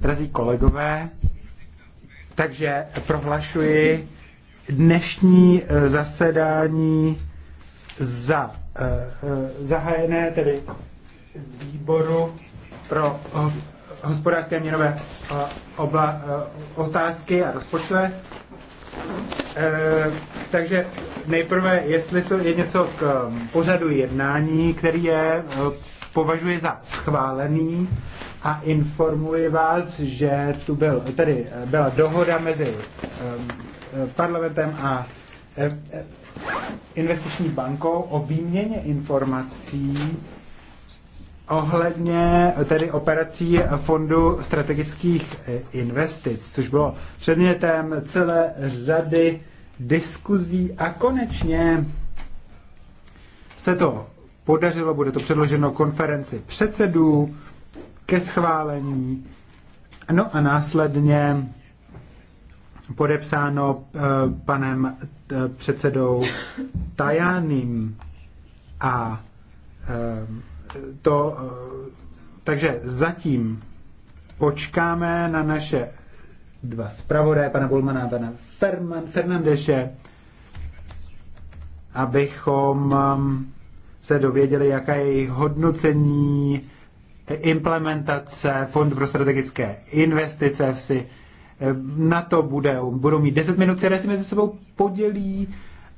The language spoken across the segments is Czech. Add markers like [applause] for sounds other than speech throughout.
Drazí kolegové, takže prohlašuji dnešní eh, zasedání za eh, eh, zahájené tedy výboru pro hospodářské měnové obla, otázky a rozpočtové. Takže nejprve, jestli je něco k pořadu jednání, který je považuje za schválený a informuji vás, že tu byl, tedy eh, byla dohoda mezi ehm, eh, parlamentem a eh, investiční bankou o výměně informací ohledně tedy operací Fondu strategických investic, což bylo předmětem celé řady diskuzí a konečně se to podařilo, bude to předloženo konferenci předsedů ke schválení, no a následně podepsáno eh, panem eh, předsedou Tajaným a eh, to, takže zatím počkáme na naše dva zpravodaje, pana Bulmana a pana Fernandeše, abychom se dověděli, jaká je jejich hodnocení, implementace Fondu pro strategické investice si eh, na to bude, budou mít 10 minut, které si mezi sebou podělí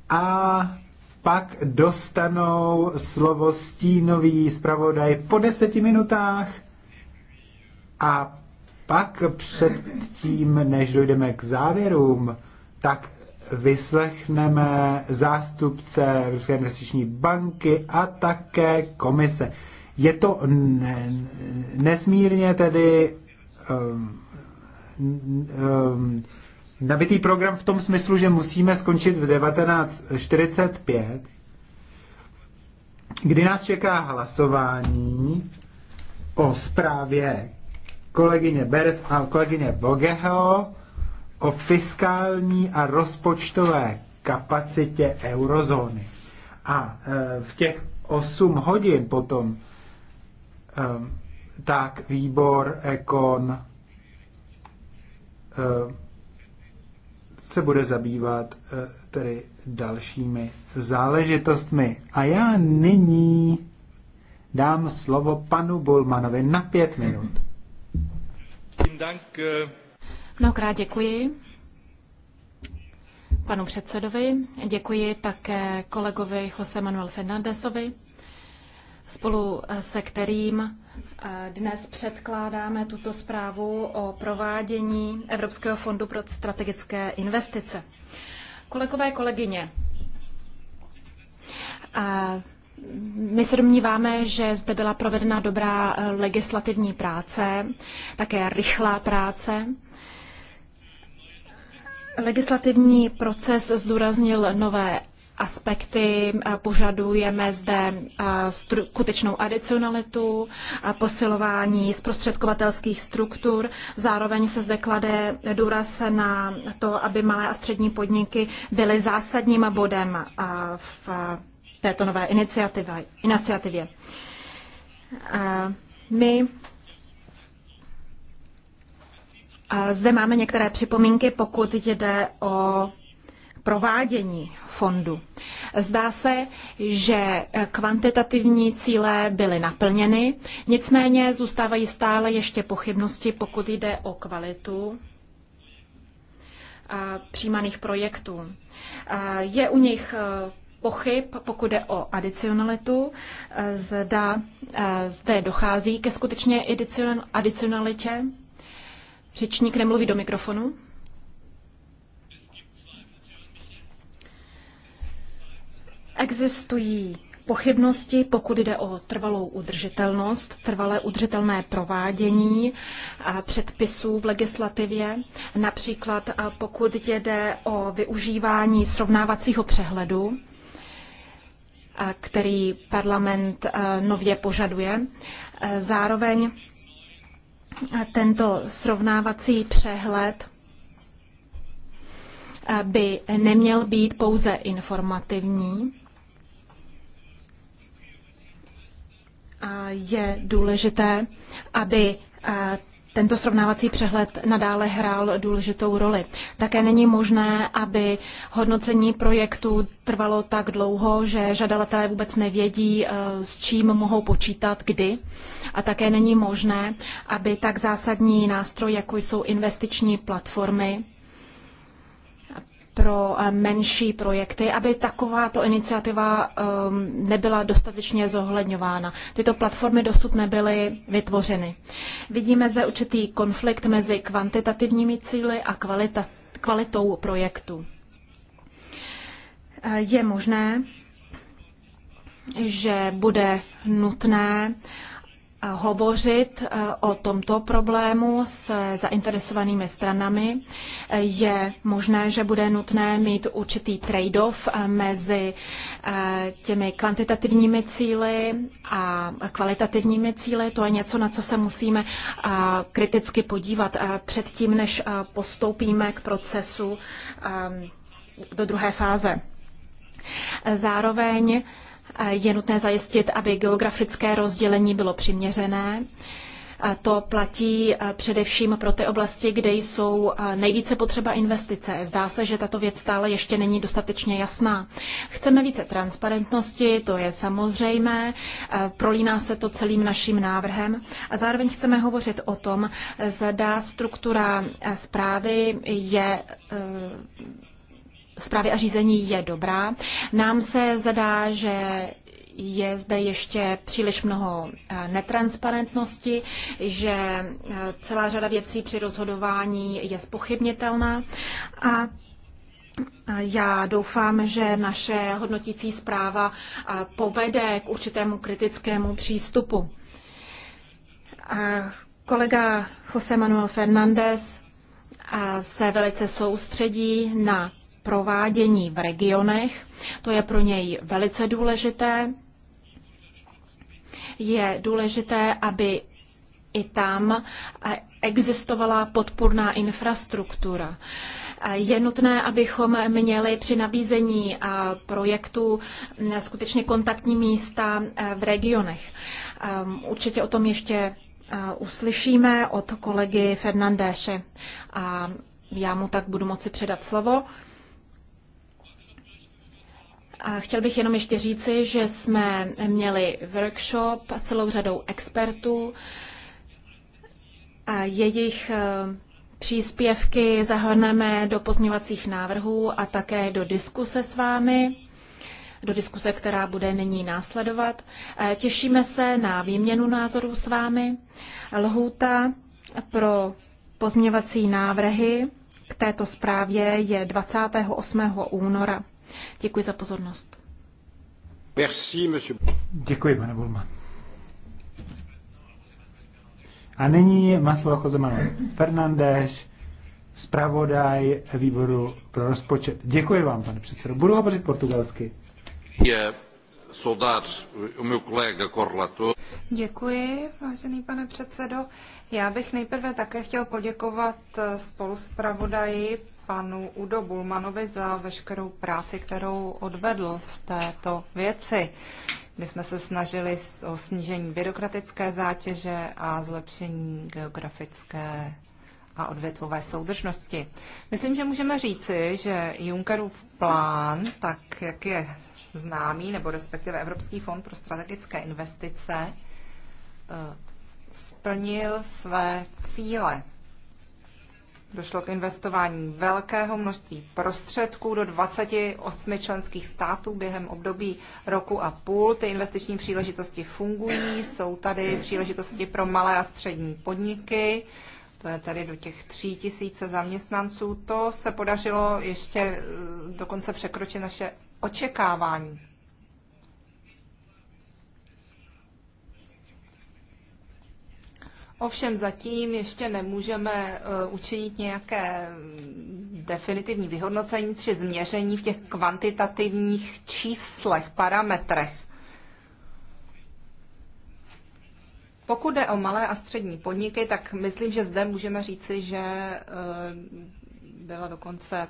a pak dostanou slovo stínový zpravodaj po deseti minutách a pak před tím, než dojdeme k závěrům, tak vyslechneme zástupce Ruské investiční banky a také komise. Je to nesmírně tedy um, um, nabitý program v tom smyslu, že musíme skončit v 19.45, kdy nás čeká hlasování o zprávě kolegyně Beres a kolegyně Bogeho o fiskální a rozpočtové kapacitě eurozóny. A e, v těch 8 hodin potom e, tak výbor Ekon e, se bude zabývat tedy dalšími záležitostmi. A já nyní dám slovo panu Bulmanovi na pět minut. Dank, äh, Mnohokrát děkuji panu předsedovi, děkuji také kolegovi Jose Manuel Fernandesovi, spolu eh, se kterým eh, dnes předkládáme tuto zprávu o provádění Evropského fondu pro strategické investice. Kolegové, kolegyně, eh, my se domníváme, že zde byla provedena dobrá legislativní práce, také rychlá práce. Legislativní proces zdůraznil nové aspekty, požadujeme zde skutečnou adicionalitu, posilování zprostředkovatelských struktur. Zároveň se zde klade důraz na to, aby malé a střední podniky byly zásadním bodem v této nové iniciativě. My a zde máme některé připomínky, pokud jde o provádění fondu. Zdá se, že kvantitativní cíle byly naplněny, nicméně zůstávají stále ještě pochybnosti, pokud jde o kvalitu přijímaných projektů. Je u nich e, pochyb, pokud jde o adicionalitu, e, zda e, zde dochází ke skutečně adicionalitě. Řečník nemluví do mikrofonu. Existují pochybnosti, pokud jde o trvalou udržitelnost, trvalé udržitelné provádění předpisů v legislativě, například pokud jde o využívání srovnávacího přehledu, který parlament nově požaduje. Zároveň tento srovnávací přehled eh, by neměl být pouze informativní. Je důležité, aby eh, tento srovnávací přehled nadále hrál důležitou roli. Také není možné, aby hodnocení projektu trvalo tak dlouho, že žadatelé vůbec nevědí, eh, s čím mohou počítat, kdy. A také není možné, aby tak zásadní nástroj, jako jsou investiční platformy, pro eh, menší projekty, aby takováto iniciativa ehm, nebyla dostatečně zohledňována. Tyto platformy dosud nebyly vytvořeny. Vidíme zde určitý konflikt mezi kvantitativními cíly a kvalita, kvalitou projektu. Eh, je možné, že bude nutné hovořit eh, o tomto problému s zainteresovanými stranami. Je možné, že bude nutné mít určitý trade-off eh, mezi eh, těmi kvantitativními cíly a kvalitativními cíly. To je něco, na co se musíme kriticky podívat předtím, než postoupíme k procesu do druhé fáze. Zároveň je nutné zajistit, aby geografické rozdělení bylo přiměřené. A to platí e, především pro ty oblasti, kde jsou e, nejvíce potřeba investice. Zdá se, že tato věc stále ještě není dostatečně jasná. Chceme více transparentnosti, to je samozřejmé, e, prolíná se to celým naším návrhem a zároveň chceme hovořit o tom, zda struktura zprávy je zprávy a řízení je dobrá. Nám se zadá, že je zde ještě příliš mnoho eh, netransparentnosti, že eh, celá řada věcí při rozhodování je spochybnitelná a já doufám, že naše hodnotící zpráva eh, povede k určitému kritickému přístupu. Kolega José Manuel Fernández se velice soustředí na provádění v regionech. To je pro něj velice důležité. Je důležité, aby i tam existovala podporná infrastruktura. Je nutné, abychom měli při nabízení projektů skutečně kontaktní místa e, v regionech. Ehm, určitě o tom ještě e, uslyšíme od kolegy Fernandéše a já mu tak budu moci předat slovo. A chtěl bych jenom ještě říci, že jsme měli workshop s celou řadou expertů. A jejich eh, příspěvky zahrneme do pozměňovacích návrhů a také do diskuse s vámi do diskuse, která bude nyní následovat. Eh, těšíme se na výměnu názorů s vámi. Lhůta pro pozměňovací návrhy k této zprávě je 28. února. Děkuji za pozornost. Merci, monsieur. Děkuji, pane Bulman. A nyní má slovo Jose Manuel Fernández, zpravodaj výboru pro rozpočet. Děkuji vám, pane předsedo. Budu hovořit portugalsky. Je soudar, můj kolega Korlato. Děkuji, vážený pane předsedo. Já bych nejprve také chtěl poděkovat spolu spoluspravodaji panu Udo Bulmanovi za veškerou práci, kterou odvedl v této věci. My jsme se snažili o snížení byrokratické zátěže a zlepšení geografické a odvětvové soudržnosti. Myslím, že můžeme říci, že Junckerův plán, tak jak je známý, nebo respektive Evropský fond pro strategické investice, eh, splnil své cíle. Došlo k investování velkého množství prostředků do 28 členských států během období roku a půl. Ty investiční příležitosti fungují, jsou tady příležitosti pro malé a střední podniky, to je tady do těch 3 tisíce zaměstnanců. To se podařilo ještě eh, dokonce překročit naše očekávání. Ovšem zatím ještě nemůžeme eh, učinit nějaké mm, definitivní vyhodnocení či změření v těch kvantitativních číslech, parametrech. Pokud jde o malé a střední podniky, tak myslím, že zde můžeme říci, že eh, byla dokonce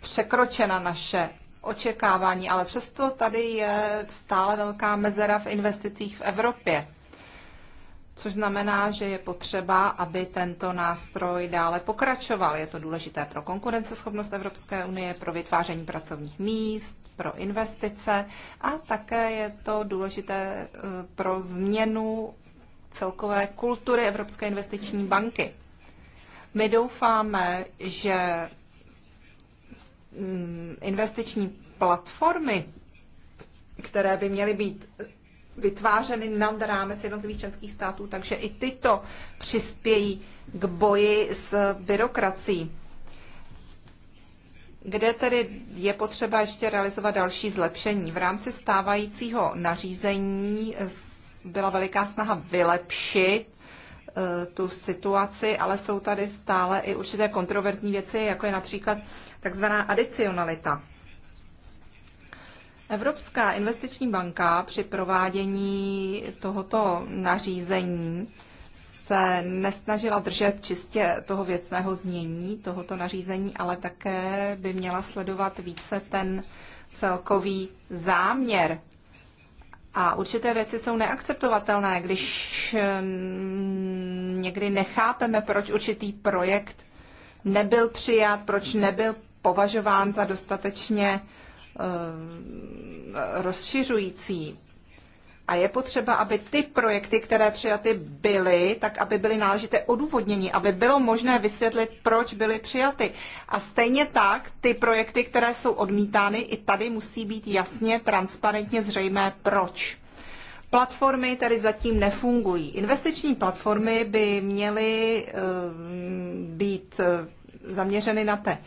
překročena naše očekávání, ale přesto tady je stále velká mezera v investicích v Evropě což znamená, že je potřeba, aby tento nástroj dále pokračoval. Je to důležité pro konkurenceschopnost Evropské unie, pro vytváření pracovních míst, pro investice a také je to důležité eh, pro změnu celkové kultury Evropské investiční banky. My doufáme, že mm, investiční platformy, které by měly být vytvářeny nad rámec jednotlivých členských států, takže i tyto přispějí k boji s byrokrací. Kde tedy je potřeba ještě realizovat další zlepšení? V rámci stávajícího nařízení byla veliká snaha vylepšit eh, tu situaci, ale jsou tady stále i určité kontroverzní věci, jako je například takzvaná adicionalita. Evropská investiční banka při provádění tohoto nařízení se nesnažila držet čistě toho věcného znění tohoto nařízení, ale také by měla sledovat více ten celkový záměr. A určité věci jsou neakceptovatelné, když mm, někdy nechápeme, proč určitý projekt nebyl přijat, proč nebyl považován za dostatečně Eh, rozšiřující. A je potřeba, aby ty projekty, které přijaty byly, tak aby byly náležité odůvodnění, aby bylo možné vysvětlit, proč byly přijaty. A stejně tak ty projekty, které jsou odmítány, i tady musí být jasně, transparentně zřejmé, proč. Platformy tedy zatím nefungují. Investiční platformy by měly eh, být eh, zaměřeny na té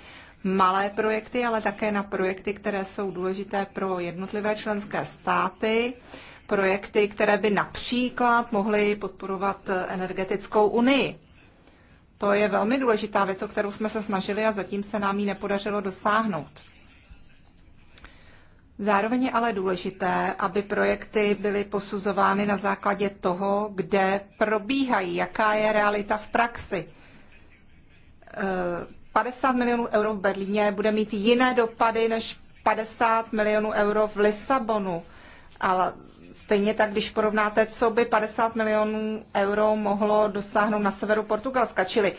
malé projekty, ale také na projekty, které jsou důležité pro jednotlivé členské státy, projekty, které by například mohly podporovat energetickou unii. To je velmi důležitá věc, o kterou jsme se snažili a zatím se nám ji nepodařilo dosáhnout. Zároveň je ale důležité, aby projekty byly posuzovány na základě toho, kde probíhají, jaká je realita v praxi. 50 milionů euro v Berlíně bude mít jiné dopady než 50 milionů euro v Lisabonu. Ale stejně tak, když porovnáte, co by 50 milionů euro mohlo dosáhnout na severu Portugalska, čili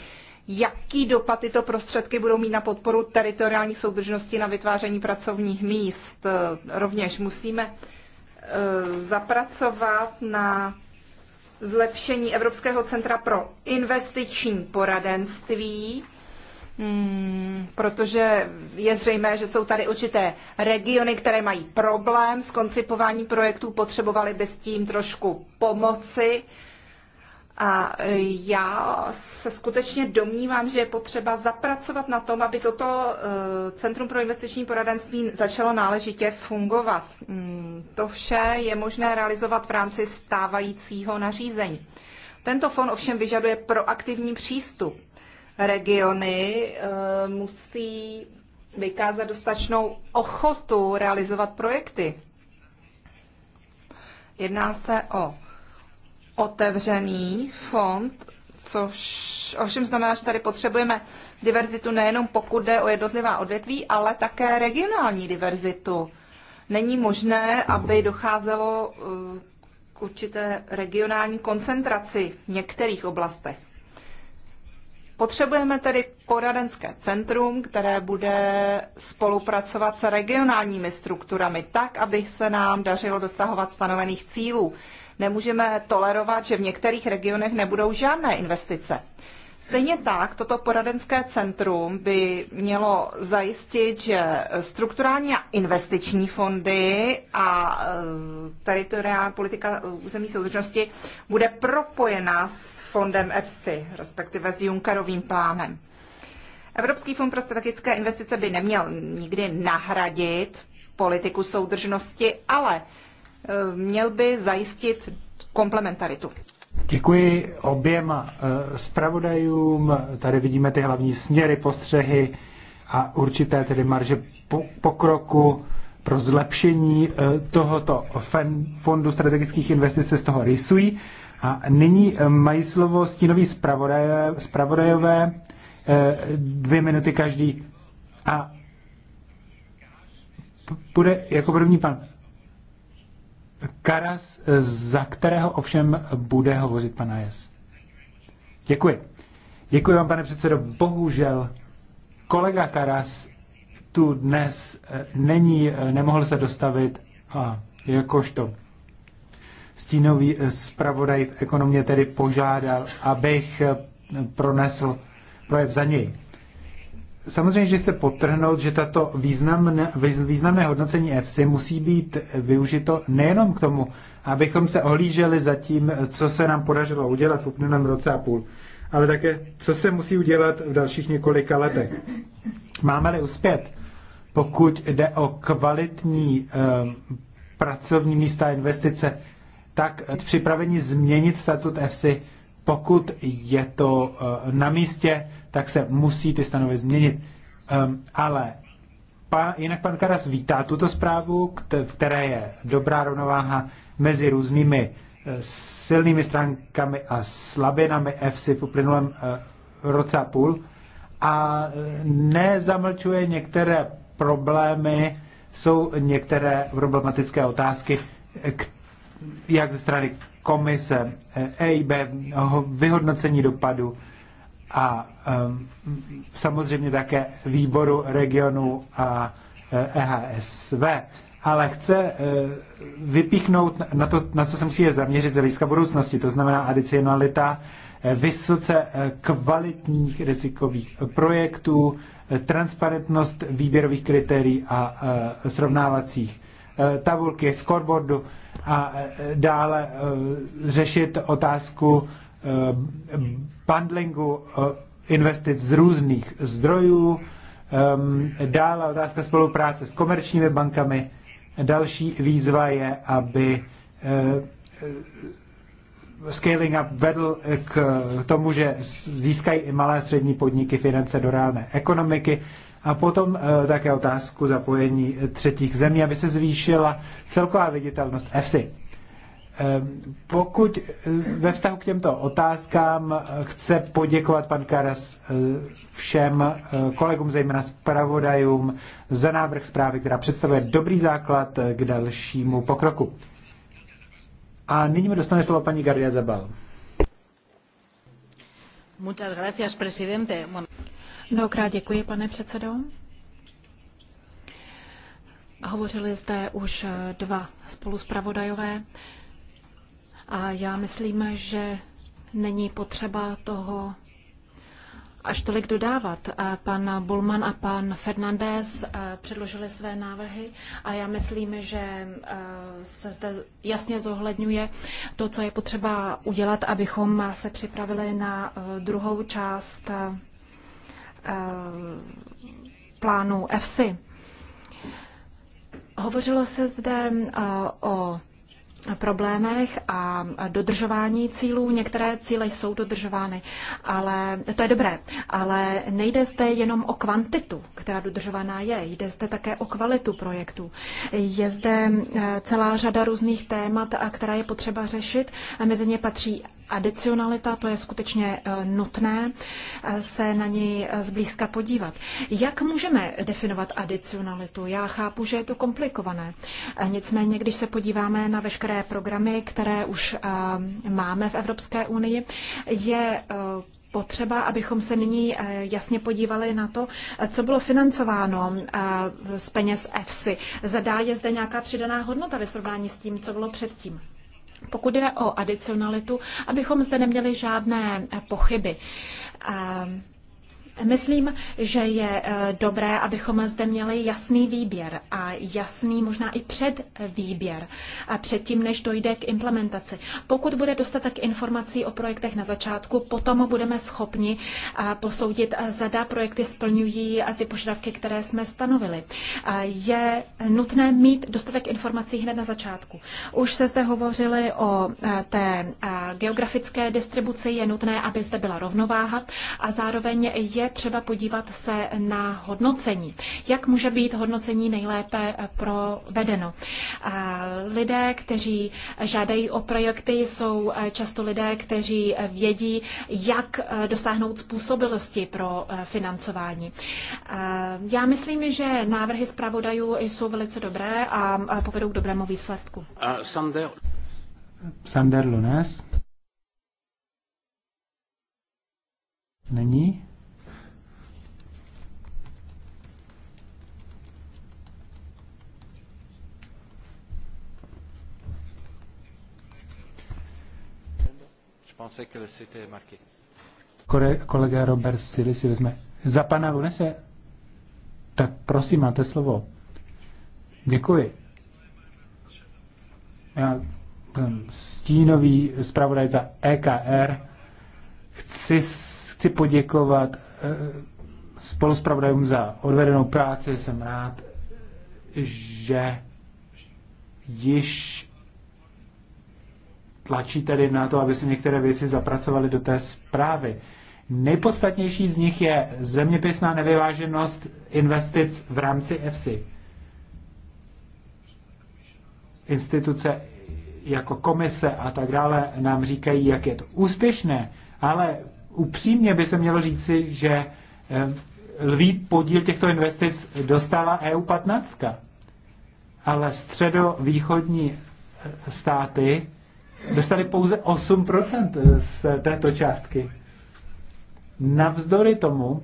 jaký dopad tyto prostředky budou mít na podporu teritoriální soudržnosti, na vytváření pracovních míst. Rovněž musíme eh, zapracovat na zlepšení Evropského centra pro investiční poradenství, Hmm, protože je zřejmé, že jsou tady určité regiony, které mají problém s koncipováním projektů, potřebovali by s tím trošku pomoci. A já se skutečně domnívám, že je potřeba zapracovat na tom, aby toto eh, Centrum pro investiční poradenství začalo náležitě fungovat. Hmm, to vše je možné realizovat v rámci stávajícího nařízení. Tento fond ovšem vyžaduje proaktivní přístup regiony eh, musí vykázat dostatečnou ochotu realizovat projekty. Jedná se o otevřený fond, což ovšem znamená, že tady potřebujeme diverzitu nejenom pokud jde o jednotlivá odvětví, ale také regionální diverzitu. Není možné, aby docházelo eh, k určité regionální koncentraci v některých oblastech. Potřebujeme tedy poradenské centrum, které bude spolupracovat s regionálními strukturami tak, aby se nám dařilo dosahovat stanovených cílů. Nemůžeme tolerovat, že v některých regionech nebudou žádné investice. Stejně tak toto poradenské centrum by mělo zajistit, že strukturální a investiční fondy a e, teritoriální politika územní soudržnosti bude propojená s fondem EFSI, respektive s Junckerovým plánem. Evropský fond pro strategické investice by neměl nikdy nahradit politiku soudržnosti, ale e, měl by zajistit komplementaritu. Děkuji oběma eh, zpravodajům. Tady vidíme ty hlavní směry, postřehy a určité tedy marže pokroku pro zlepšení eh, tohoto fondu strategických investic se z toho rysují. A nyní eh, mají slovo stínoví zpravodajové, zpravodajové dvě minuty každý. A bude jako první pan Karas, za kterého ovšem bude hovořit pan Ajes. Děkuji. Děkuji vám, pane předsedo. Bohužel kolega Karas tu dnes eh, není, eh, nemohl se dostavit a jakožto stínový eh, zpravodaj v ekonomě tedy požádal, abych pronesl projev za něj. Samozřejmě, že chce potrhnout, že tato významné, významné hodnocení EFSI musí být využito nejenom k tomu, abychom se ohlíželi za tím, co se nám podařilo udělat v uplynulém roce a půl, ale také, co se musí udělat v dalších několika letech. Máme-li uspět, pokud jde o kvalitní eh, pracovní místa a investice, tak připraveni změnit statut EFSI, pokud je to eh, na místě, tak se musí ty stanovy změnit. Um, ale pa, jinak pan Karas vítá tuto zprávu, která které je dobrá rovnováha mezi různými eh, silnými stránkami a slabinami EFSI v uplynulém uh, roce a půl a eh, nezamlčuje některé problémy, jsou některé problematické otázky, k, jak ze strany komise, EIB, vyhodnocení dopadu, a um, samozřejmě také výboru regionu a EHSV, e ale chce eh, vypíchnout na to, na co se musí zaměřit z hlediska budoucnosti, to znamená adicionalita eh, vysoce eh, kvalitních rizikových projektů, transparentnost výběrových kritérií a srovnávacích tabulky, scoreboardu a dále řešit otázku Eh, bundlingu eh, investic z různých zdrojů, dále otázka spolupráce s komerčními bankami. Další výzva je, aby eh, scaling up vedl k tomu, že získají i malé a střední podniky finance do reálné ekonomiky. A potom také otázku zapojení třetích zemí, aby se zvýšila celková viditelnost EFSI. Ehm, pokud eh, ve vztahu k těmto otázkám eh, chce poděkovat pan Karas eh, všem kolegům, zejména zpravodajům, za návrh zprávy, která představuje dobrý základ k dalšímu pokroku. A nyní mi dostane slovo paní Gardia Zabal. Muchas gracias, presidente. Mnohokrát děkuji, pane předsedo. Hovořili zde už dva spoluspravodajové. zpravodajové. A já myslím, že není potřeba toho až tolik dodávat. Pan Bulman a pan Fernandez eh, předložili své návrhy a já myslím, že eh, se zde jasně zohledňuje to, co je potřeba udělat, abychom se připravili na eh, druhou část plánu EFSI. Hovořilo se zde o problémech a dodržování cílů. Některé cíle jsou dodržovány, ale to je dobré. Ale nejde zde jenom o kvantitu, která dodržovaná je, jde zde také o kvalitu projektu. Je zde eh, celá řada různých témat, eh, která je potřeba řešit. Mezi ně patří adicionalita, to je skutečně eh, nutné eh, se na něj eh, zblízka podívat. Jak můžeme definovat adicionalitu? Já chápu, že je to komplikované. Nicméně, když se podíváme na veškeré programy, které už máme v Evropské unii, je potřeba, abychom se nyní jasně podívali na to, co bylo financováno z peněz EFSI. Zadá je zde nějaká přidaná hodnota ve srovnání s tím, co bylo předtím. Pokud jde o adicionalitu, abychom zde neměli žádné pochyby. Ehm, Myslím, že je eh, dobré, abychom zde měli jasný výběr a jasný možná i předvýběr a předtím, než dojde k implementaci. Pokud bude dostatek informací o projektech na začátku, potom budeme schopni eh, posoudit, eh, zda projekty splňují ty požadavky, které jsme stanovili. Je nutné mít dostatek informací hned na začátku. Už se zde hovořili o té geografické distribuci je nutné, aby zde byla rovnováha a zároveň je třeba podívat se na hodnocení. Jak může být hodnocení nejlépe eh, provedeno? Eh, lidé, kteří žádají o projekty, jsou eh, často lidé, kteří vědí, jak dosáhnout způsobilosti pro financování. Já myslím, že návrhy zpravodajů jsou velice dobré a povedou k dobrému výsledku. Sander Lunes. Není? Kore, Kolega Robert Sili si vezme. Za pana Lunese, tak prosím, máte slovo. Děkuji. Já stínový zpravodaj za EKR. Chci, chci poděkovat eh, spoluzpravodajům za odvedenou práci. Jsem rád, že již tlačí tedy na to, aby se některé věci zapracovaly do té zprávy. Nejpodstatnější z nich je zeměpisná nevyváženost investic v rámci EFSI. Instituce jako komise a tak dále nám říkají, jak je to úspěšné, ale upřímně by se mělo říci, že eh, lví podíl těchto investic dostala EU 15. Ale středovýchodní eh, státy dostali pouze 8% z této částky. Navzdory tomu,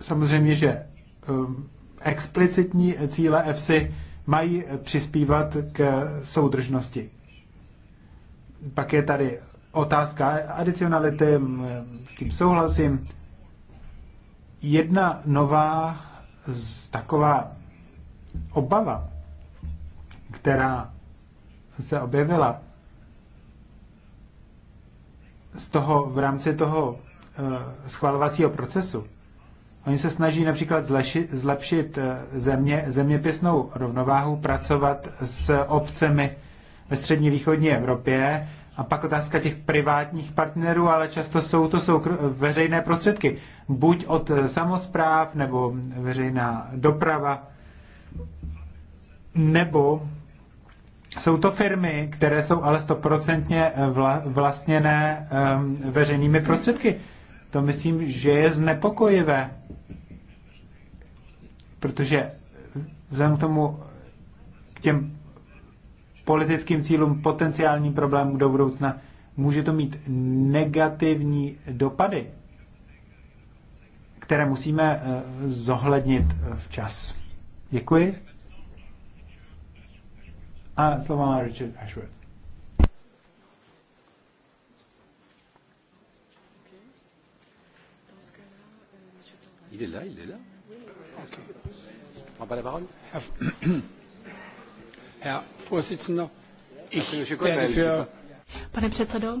samozřejmě, že Ehm, explicitní cíle EFSI mají přispívat k soudržnosti. Pak je tady otázka adicionality, s tím souhlasím. Jedna nová taková obava, která se objevila z toho v rámci toho eh, schvalovacího procesu, Oni se snaží například zlepšit, zlepšit eh, země, zeměpisnou rovnováhu, pracovat s obcemi ve střední východní Evropě a pak otázka těch privátních partnerů, ale často jsou to soukr- veřejné prostředky. Buď od eh, samozpráv, nebo veřejná doprava, nebo jsou to firmy, které jsou ale stoprocentně eh, vla- vlastněné um, veřejnými prostředky. To myslím, že je znepokojivé protože vzhledem k tomu k těm politickým cílům, potenciálním problémům do budoucna, může to mít negativní dopady, které musíme eh, zohlednit včas. Děkuji. A slovo má Richard Ashworth. Il est là, il est là. Okay. [clears throat] Pane předsedo,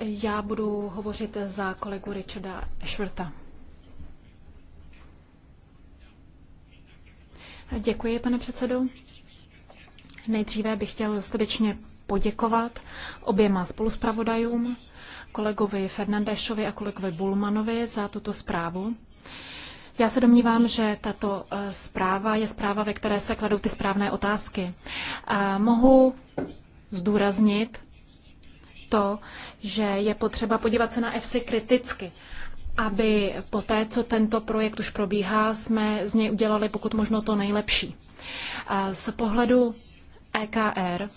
já budu hovořit za kolegu Richarda Schwerta. Děkuji, pane předsedo. Nejdříve bych chtěl srdečně poděkovat oběma spoluspravodajům, kolegovi Fernandešovi a kolegovi Bulmanovi za tuto zprávu. Já se domnívám, že tato eh, zpráva je zpráva, ve které se kladou ty správné otázky. A mohu zdůraznit to, že je potřeba podívat se na EFSI kriticky, aby po té, co tento projekt už probíhá, jsme z něj udělali pokud možno to nejlepší. A z pohledu EKR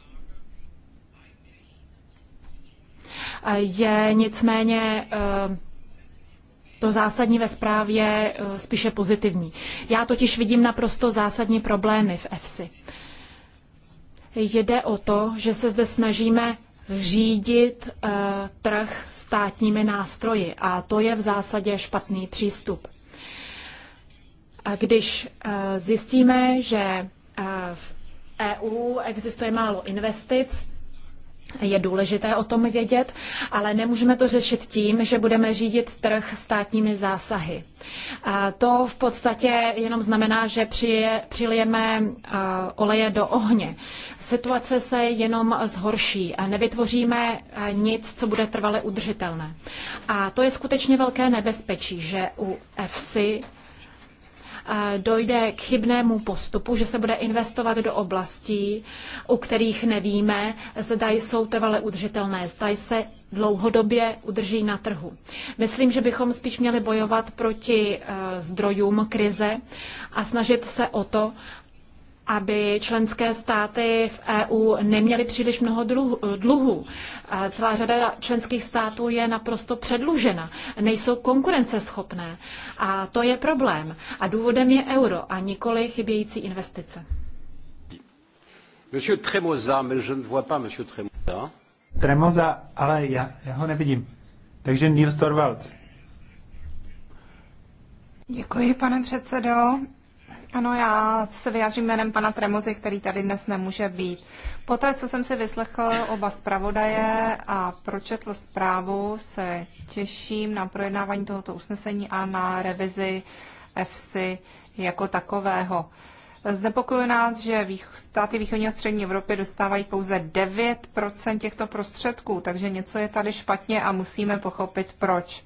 je nicméně eh, to zásadní ve zprávě eh, spíše pozitivní. Já totiž vidím naprosto zásadní problémy v EFSI. Jde o to, že se zde snažíme řídit uh, trh státními nástroji a to je v zásadě špatný přístup. A když uh, zjistíme, že uh, v EU existuje málo investic, je důležité o tom vědět, ale nemůžeme to řešit tím, že budeme řídit trh státními zásahy. A to v podstatě jenom znamená, že přije, přilijeme oleje do ohně. Situace se jenom zhorší a nevytvoříme nic, co bude trvale udržitelné. A to je skutečně velké nebezpečí, že u EFSI Eh, dojde k chybnému postupu, že se bude investovat do oblastí, u kterých nevíme, zda jsou trvale udržitelné, zda se dlouhodobě udrží na trhu. Myslím, že bychom spíš měli bojovat proti eh, zdrojům krize a snažit se o to, aby členské státy v EU neměly příliš mnoho dluhů. Celá řada členských států je naprosto předlužena, nejsou konkurenceschopné a to je problém. A důvodem je euro a nikoli chybějící investice. Monsieur Tremosa, mais je ne vois pas Monsieur Tremoza, ale já, já ho nevidím. Takže Nils Torvalds. Děkuji, pane předsedo. Ano, já se vyjádřím jménem pana Tremozy, který tady dnes nemůže být. Poté, co jsem si vyslechl oba zpravodaje a pročetl zprávu, se těším na projednávání tohoto usnesení a na revizi EFSI jako takového. Znepokojuje nás, že státy východní a střední Evropy dostávají pouze 9 těchto prostředků, takže něco je tady špatně a musíme pochopit proč.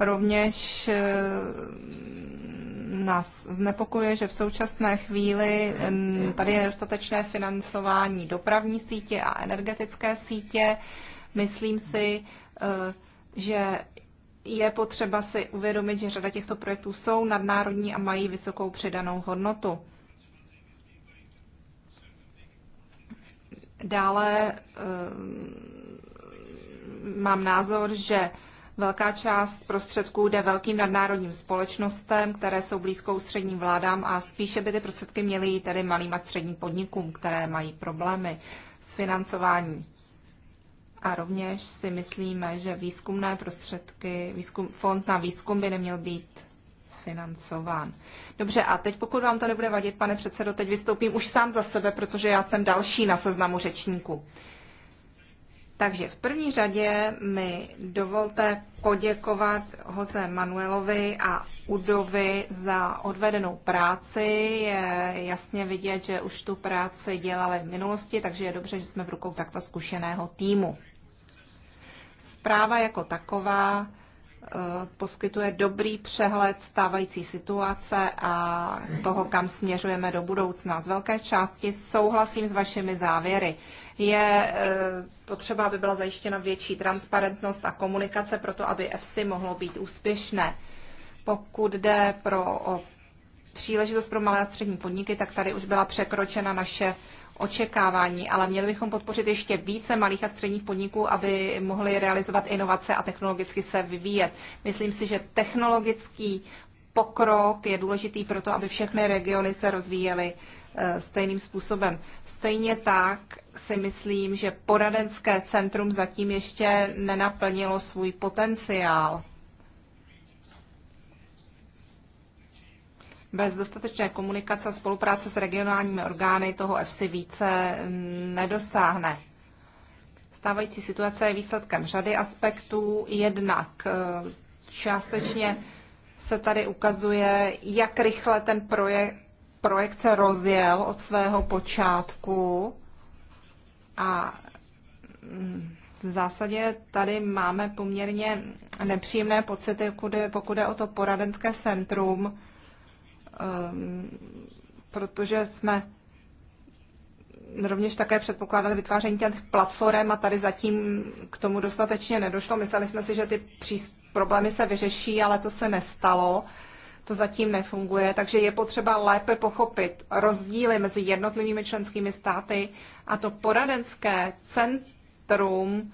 Rovněž eh, nás znepokuje, že v současné chvíli tady je nedostatečné financování dopravní sítě a energetické sítě. Myslím si, eh, že je potřeba si uvědomit, že řada těchto projektů jsou nadnárodní a mají vysokou přidanou hodnotu. Dále eh, mám názor, že Velká část prostředků jde velkým nadnárodním společnostem, které jsou blízkou středním vládám a spíše by ty prostředky měly jít tedy malým a středním podnikům, které mají problémy s financováním. A rovněž si myslíme, že výzkumné prostředky, výzkum, fond na výzkum by neměl být financován. Dobře, a teď pokud vám to nebude vadit, pane předsedo, teď vystoupím už sám za sebe, protože já jsem další na seznamu řečníků. Takže v první řadě mi dovolte poděkovat Jose Manuelovi a Udovi za odvedenou práci. Je jasně vidět, že už tu práci dělali v minulosti, takže je dobře, že jsme v rukou takto zkušeného týmu. Zpráva jako taková Eh, poskytuje dobrý přehled stávající situace a toho, kam směřujeme do budoucna. Z velké části souhlasím s vašimi závěry. Je eh, potřeba, aby byla zajištěna větší transparentnost a komunikace pro to, aby EFSI mohlo být úspěšné. Pokud jde pro o příležitost pro malé a střední podniky, tak tady už byla překročena naše očekávání, ale měli bychom podpořit ještě více malých a středních podniků, aby mohli realizovat inovace a technologicky se vyvíjet. Myslím si, že technologický pokrok je důležitý pro to, aby všechny regiony se rozvíjely eh, stejným způsobem. Stejně tak si myslím, že poradenské centrum zatím ještě nenaplnilo svůj potenciál. bez dostatečné komunikace a spolupráce s regionálními orgány toho EFSI více mm, nedosáhne. Stávající situace je výsledkem řady aspektů. Jednak e, částečně se tady ukazuje, jak rychle ten projekt, projekt se rozjel od svého počátku a mm, v zásadě tady máme poměrně nepříjemné pocity, pokud pokud je o to poradenské centrum, Ehm, protože jsme rovněž také předpokládali vytváření těch platform a tady zatím k tomu dostatečně nedošlo. Mysleli jsme si, že ty problémy se vyřeší, ale to se nestalo. To zatím nefunguje, takže je potřeba lépe pochopit rozdíly mezi jednotlivými členskými státy a to poradenské centrum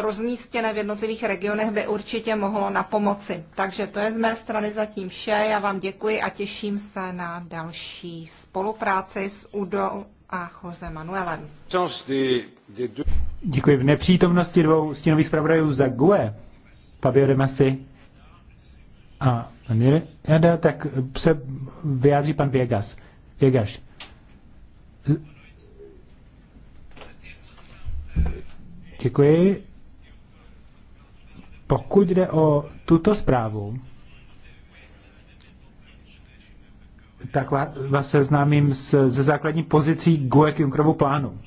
rozmístěné v jednotlivých regionech by určitě mohlo na pomoci. Takže to je z mé strany zatím vše. Já vám děkuji a těším se na další spolupráci s Udo a Jose Manuelem. Děkuji. V nepřítomnosti dvou stínových zpravodajů za GUE, Fabio de Masi a Jada, tak se vyjádří pan Viegas. Viegas. Děkuji. Pokud jde o tuto zprávu, tak vás seznámím se, se základní pozicí GUE k Junckerovu plánu.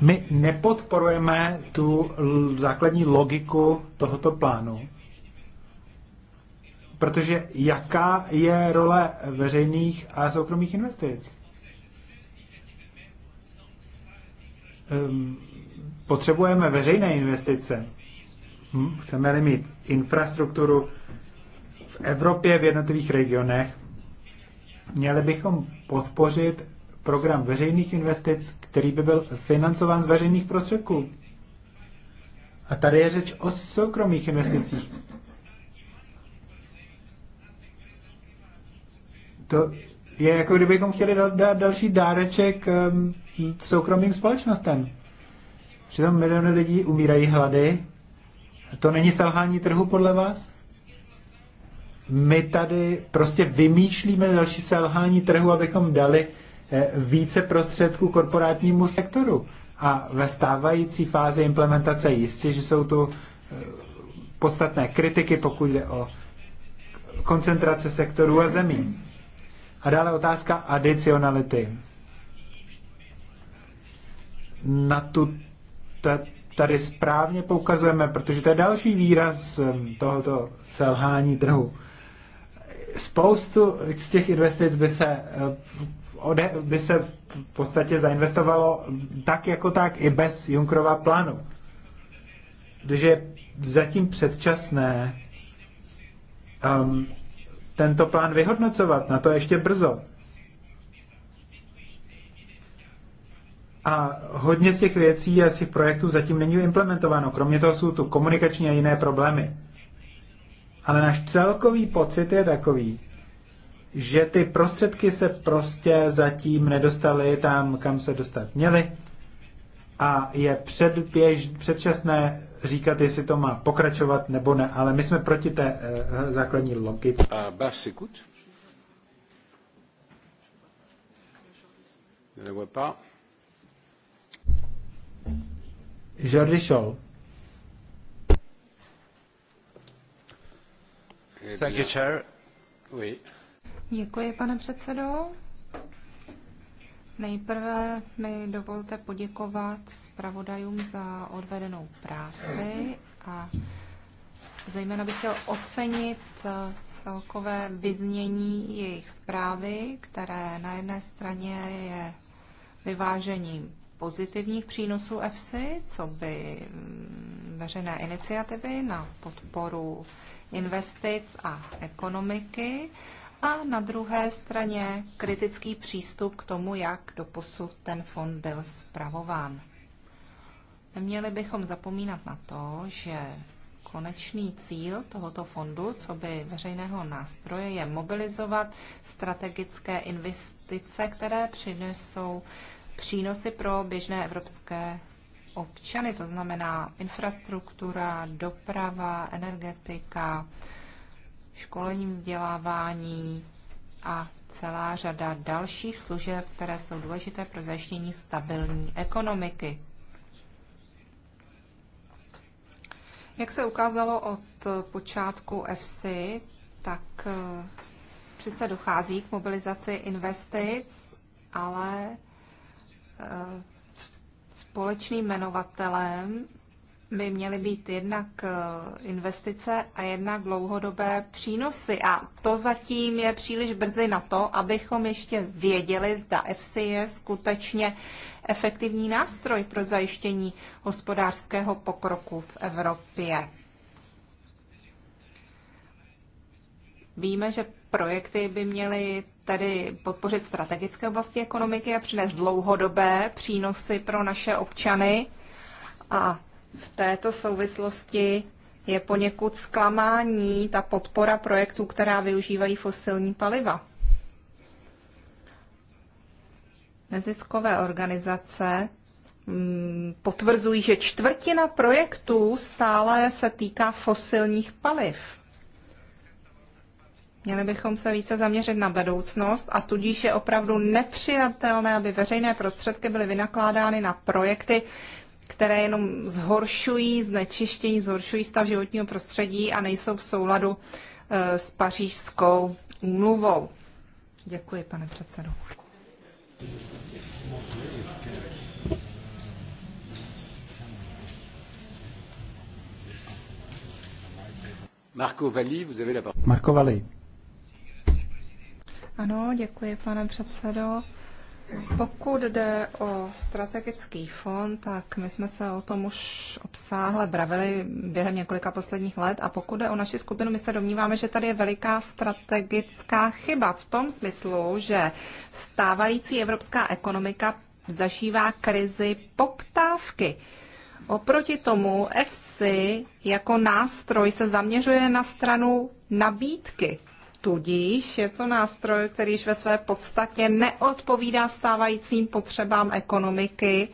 My nepodporujeme tu základní logiku tohoto plánu, protože jaká je role veřejných a soukromých investic? Ehm, potřebujeme veřejné investice. Hm? Chceme-li mít infrastrukturu v Evropě, v jednotlivých regionech, měli bychom podpořit program veřejných investic, který by byl financován z veřejných prostředků. A tady je řeč o soukromých investicích. To je jako kdybychom chtěli dát další dáreček ehm, soukromým společnostem. Přitom miliony lidí umírají hlady. To není selhání trhu podle vás? My tady prostě vymýšlíme další selhání trhu, abychom dali eh, více prostředků korporátnímu sektoru. A ve stávající fázi implementace jistě, že jsou tu eh, podstatné kritiky, pokud jde o koncentrace sektorů a zemí. A dále otázka adicionality. Na tu tady správně poukazujeme, protože to je další výraz um, tohoto selhání trhu. Spoustu z těch investic by se, uh, ode, by se v podstatě zainvestovalo tak jako tak i bez Junkrova plánu. Takže je zatím předčasné um, tento plán vyhodnocovat, na to ještě brzo. A hodně z těch věcí a z těch projektů zatím není implementováno. Kromě toho jsou tu komunikační a jiné problémy. Ale náš celkový pocit je takový, že ty prostředky se prostě zatím nedostaly tam, kam se dostat měly. A je předběž, předčasné říkat, jestli to má pokračovat nebo ne, ale my jsme proti té uh, základní logice. A Basikut? Ne Jordi Scholl. Thank you, chair. Oui. Děkuji, pane předsedo. Nejprve mi dovolte poděkovat zpravodajům za odvedenou práci a zejména bych chtěl ocenit celkové vyznění jejich zprávy, které na jedné straně je vyvážením pozitivních přínosů EFSI, co by mm, veřejné iniciativy na podporu investic a ekonomiky a na druhé straně kritický přístup k tomu, jak doposud ten fond byl zpravován. Neměli bychom zapomínat na to, že konečný cíl tohoto fondu, co by veřejného nástroje, je mobilizovat strategické investice, které přinesou přínosy pro běžné evropské občany, to znamená infrastruktura, doprava, energetika, školení, vzdělávání a celá řada dalších služeb, které jsou důležité pro zajištění stabilní ekonomiky. Jak se ukázalo od počátku EFSI, tak eh, přece dochází k mobilizaci investic, ale Eh, společným jmenovatelem by měly být jednak eh, investice a jednak dlouhodobé přínosy. A to zatím je příliš brzy na to, abychom ještě věděli, zda EFSI je skutečně efektivní nástroj pro zajištění hospodářského pokroku v Evropě. Víme, že projekty by měly tedy podpořit strategické oblasti ekonomiky a přinést dlouhodobé přínosy pro naše občany. A v této souvislosti je poněkud zklamání ta podpora projektů, která využívají fosilní paliva. Neziskové organizace mm, potvrzují, že čtvrtina projektů stále se týká fosilních paliv. Měli bychom se více zaměřit na budoucnost a tudíž je opravdu nepřijatelné, aby veřejné prostředky byly vynakládány na projekty, které jenom zhoršují znečištění, zhoršují stav životního prostředí a nejsou v souladu eh, s pařížskou úmluvou. Děkuji, pane předsedo. Marco Valli, vous avez la parole. Marco Valli. Ano, děkuji, pane předsedo. Pokud jde o strategický fond, tak my jsme se o tom už obsáhle bravili během několika posledních let a pokud jde o naši skupinu, my se domníváme, že tady je veliká strategická chyba v tom smyslu, že stávající evropská ekonomika zažívá krizi poptávky. Oproti tomu FC jako nástroj se zaměřuje na stranu nabídky Tudíž je to nástroj, který ve své podstatě neodpovídá stávajícím potřebám ekonomiky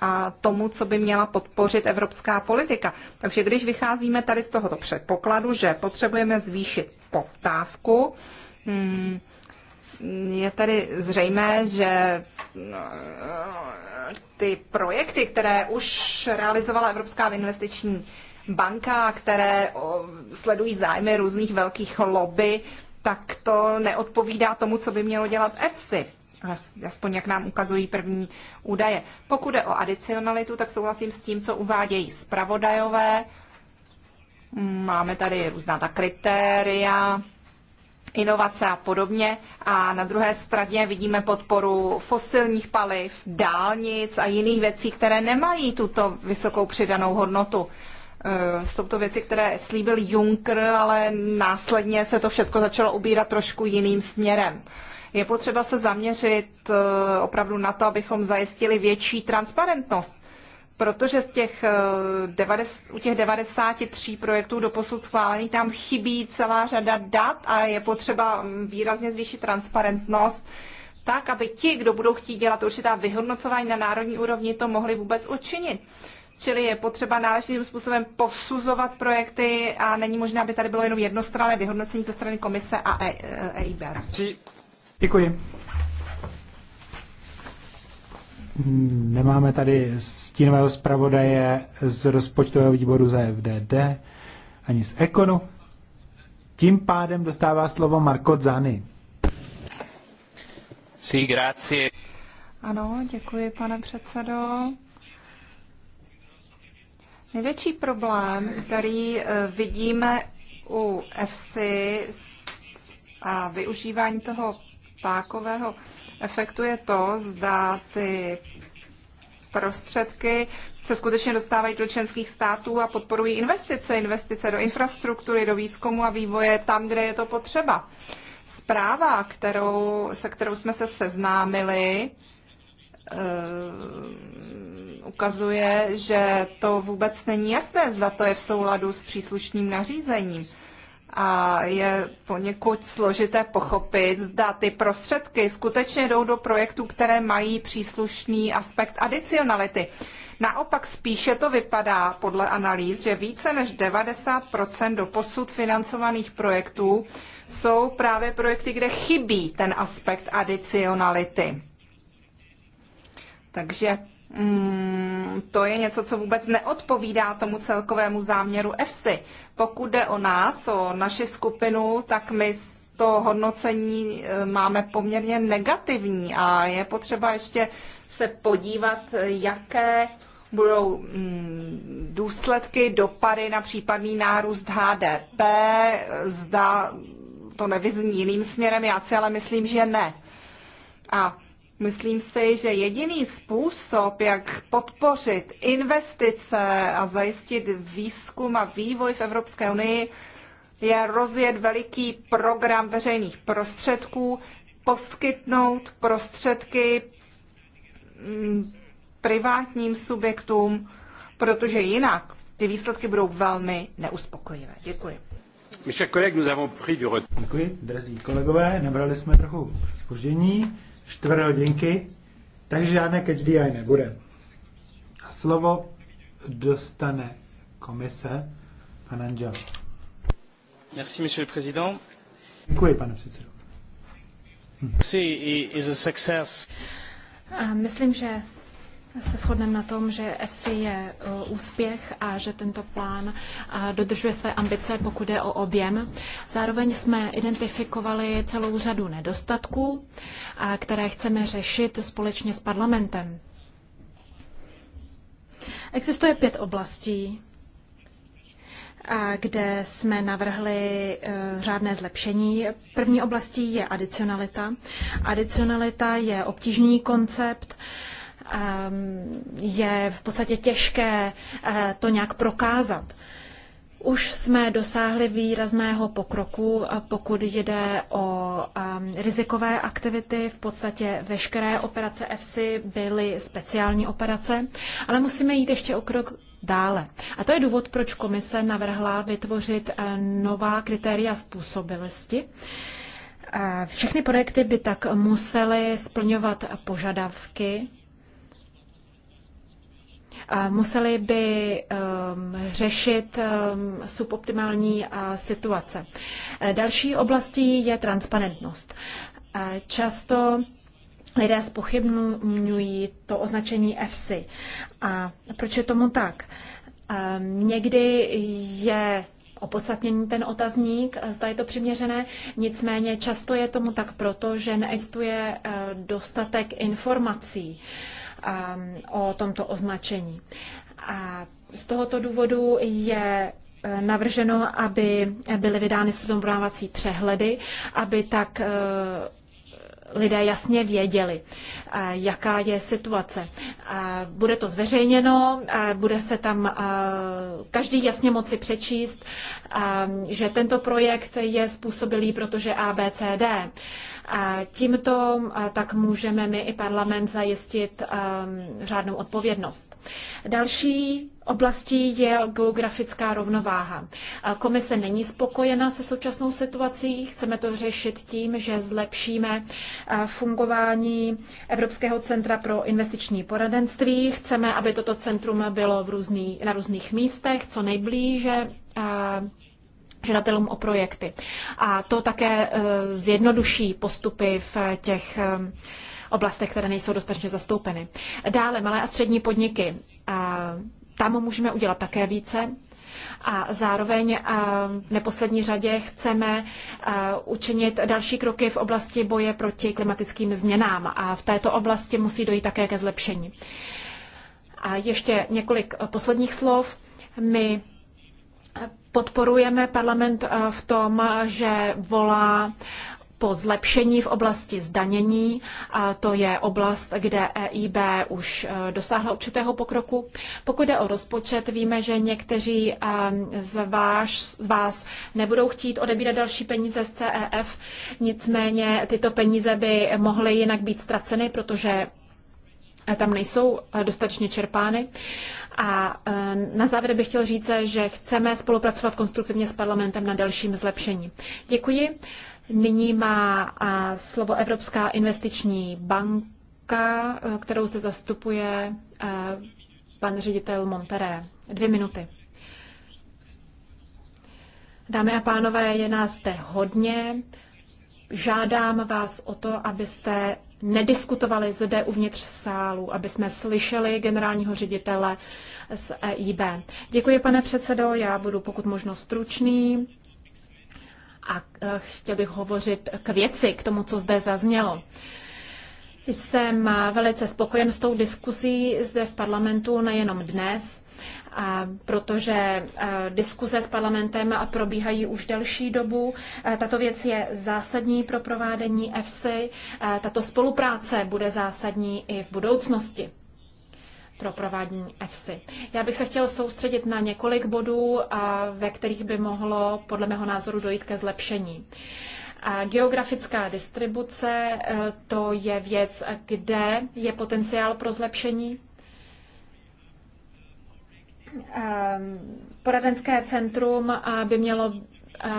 a tomu, co by měla podpořit evropská politika. Takže když vycházíme tady z tohoto předpokladu, že potřebujeme zvýšit poptávku, hmm, je tady zřejmé, že no, ty projekty, které už realizovala Evropská investiční bankách, které sledují zájmy různých velkých lobby, tak to neodpovídá tomu, co by mělo dělat EFSI. Aspoň jak nám ukazují první údaje. Pokud je o adicionalitu, tak souhlasím s tím, co uvádějí zpravodajové. Máme tady různá ta kritéria, inovace a podobně. A na druhé straně vidíme podporu fosilních paliv, dálnic a jiných věcí, které nemají tuto vysokou přidanou hodnotu. Eh, jsou to věci, které slíbil Juncker, ale následně se to všechno začalo ubírat trošku jiným směrem. Je potřeba se zaměřit eh, opravdu na to, abychom zajistili větší transparentnost protože z těch, 90, eh, u těch 93 projektů do posud schválených tam chybí celá řada dat a je potřeba mm, výrazně zvýšit transparentnost, tak, aby ti, kdo budou chtít dělat určitá vyhodnocování na národní úrovni, to mohli vůbec učinit čili je potřeba náležitým způsobem posuzovat projekty a není možné, aby tady bylo jenom jednostranné vyhodnocení ze strany komise a EIB. E- e děkuji. Nemáme tady stínového zpravodaje z rozpočtového výboru za FDD ani z Ekonu. Tím pádem dostává slovo Marko Zany. Sí, grazie. Ano, děkuji, pane předsedo. Největší problém, který eh, vidíme u FC a využívání toho pákového efektu je to, zda ty prostředky se skutečně dostávají do členských států a podporují investice, investice do infrastruktury, do výzkumu a vývoje tam, kde je to potřeba. Zpráva, kterou, se kterou jsme se seznámili, eh, ukazuje, že to vůbec není jasné, zda to je v souladu s příslušným nařízením. A je poněkud složité pochopit, zda ty prostředky skutečně jdou do projektů, které mají příslušný aspekt adicionality. Naopak spíše to vypadá podle analýz, že více než 90 doposud financovaných projektů jsou právě projekty, kde chybí ten aspekt adicionality. Takže Mm, to je něco, co vůbec neodpovídá tomu celkovému záměru EFSI. Pokud jde o nás, o naši skupinu, tak my to hodnocení eh, máme poměrně negativní a je potřeba ještě se podívat, jaké budou mm, důsledky, dopady na případný nárůst HDP, zda to nevyzní jiným směrem, já si ale myslím, že ne. A Myslím si, že jediný způsob, jak podpořit investice a zajistit výzkum a vývoj v Evropské unii, je rozjet veliký program veřejných prostředků, poskytnout prostředky mm, privátním subjektům, protože jinak ty výsledky budou velmi neuspokojivé. Děkuji. Děkuji, drazí kolegové, nabrali jsme trochu spoždění čtvrt hodinky, takže žádné catch the eye nebude. A slovo dostane komise, pan Angel. Merci, monsieur le président. Děkuji, pane předsedo. Hm. Myslím, že se shodneme na tom, že FC je uh, úspěch a že tento plán uh, dodržuje své ambice, pokud je o objem. Zároveň jsme identifikovali celou řadu nedostatků, uh, které chceme řešit společně s parlamentem. Existuje pět oblastí, kde jsme navrhli řádné zlepšení. První oblastí je adicionalita. Adicionalita je obtížný koncept Ehm, je v podstatě těžké eh, to nějak prokázat. Už jsme dosáhli výrazného pokroku, pokud jde o ehm, rizikové aktivity. V podstatě veškeré operace EFSI byly speciální operace, ale musíme jít ještě o krok dále. A to je důvod, proč komise navrhla vytvořit eh, nová kritéria způsobilosti. Eh, všechny projekty by tak musely splňovat požadavky Museli by um, řešit um, suboptimální uh, situace. Eh, další oblastí je transparentnost. Eh, často lidé spochybnují to označení FC. A proč je tomu tak? Ehm, někdy je opodstatnění ten otazník, eh, zda je to přiměřené. Nicméně často je tomu tak proto, že neexistuje dostatek informací. Uh, Um, o tomto označení. A z tohoto důvodu je eh, navrženo, aby byly vydány srovnávací přehledy, aby tak eh, lidé jasně věděli, eh, jaká je situace. Bude to zveřejněno, bude se tam eh, každý jasně moci přečíst, eh, že tento projekt je způsobilý, protože ABCD. A tímto tak můžeme my i parlament zajistit řádnou odpovědnost. Další oblastí je geografická rovnováha. Komise není spokojena se současnou situací, chceme to řešit tím, že zlepšíme fungování Evropského centra pro investiční poradenství. Chceme, aby toto centrum bylo v různý, na různých místech, co nejblíže žadatelům o projekty. A to také e, zjednoduší postupy v těch e, oblastech, které nejsou dostatečně zastoupeny. Dále malé a střední podniky tam můžeme udělat také více. A zároveň v neposlední řadě chceme učinit další kroky v oblasti boje proti klimatickým změnám a v této oblasti musí dojít také ke zlepšení. A ještě několik posledních slov. My podporujeme parlament v tom, že volá po zlepšení v oblasti zdanění. A to je oblast, kde EIB už e, dosáhla určitého pokroku. Pokud jde o rozpočet, víme, že někteří e, z vás, z vás nebudou chtít odebírat další peníze z CEF, nicméně tyto peníze by mohly jinak být ztraceny, protože e, tam nejsou dostatečně čerpány. A na závěr bych chtěl říct, že chceme spolupracovat konstruktivně s parlamentem na dalším zlepšení. Děkuji. Nyní má slovo Evropská investiční banka, e, kterou zde zastupuje e, pan ředitel Monteré. Dvě minuty. Dámy a pánové, je nás zde hodně. Žádám vás o to, abyste nediskutovali zde uvnitř sálu, aby jsme slyšeli generálního ředitele z EIB. Děkuji, pane předsedo, já budu pokud možno stručný a eh, chtěl bych hovořit k věci, k tomu, co zde zaznělo. Jsem eh, velice spokojen s tou diskusí zde v parlamentu, nejenom dnes, protože eh, diskuze s parlamentem probíhají už delší dobu. Tato věc je zásadní pro provádění EFSI. Tato spolupráce bude zásadní i v budoucnosti pro provádění EFSI. Já bych se chtěl soustředit na několik bodů, ve kterých by mohlo podle mého názoru dojít ke zlepšení. A geografická distribuce, e, to je věc, kde je potenciál pro zlepšení. E, poradenské centrum e, by mělo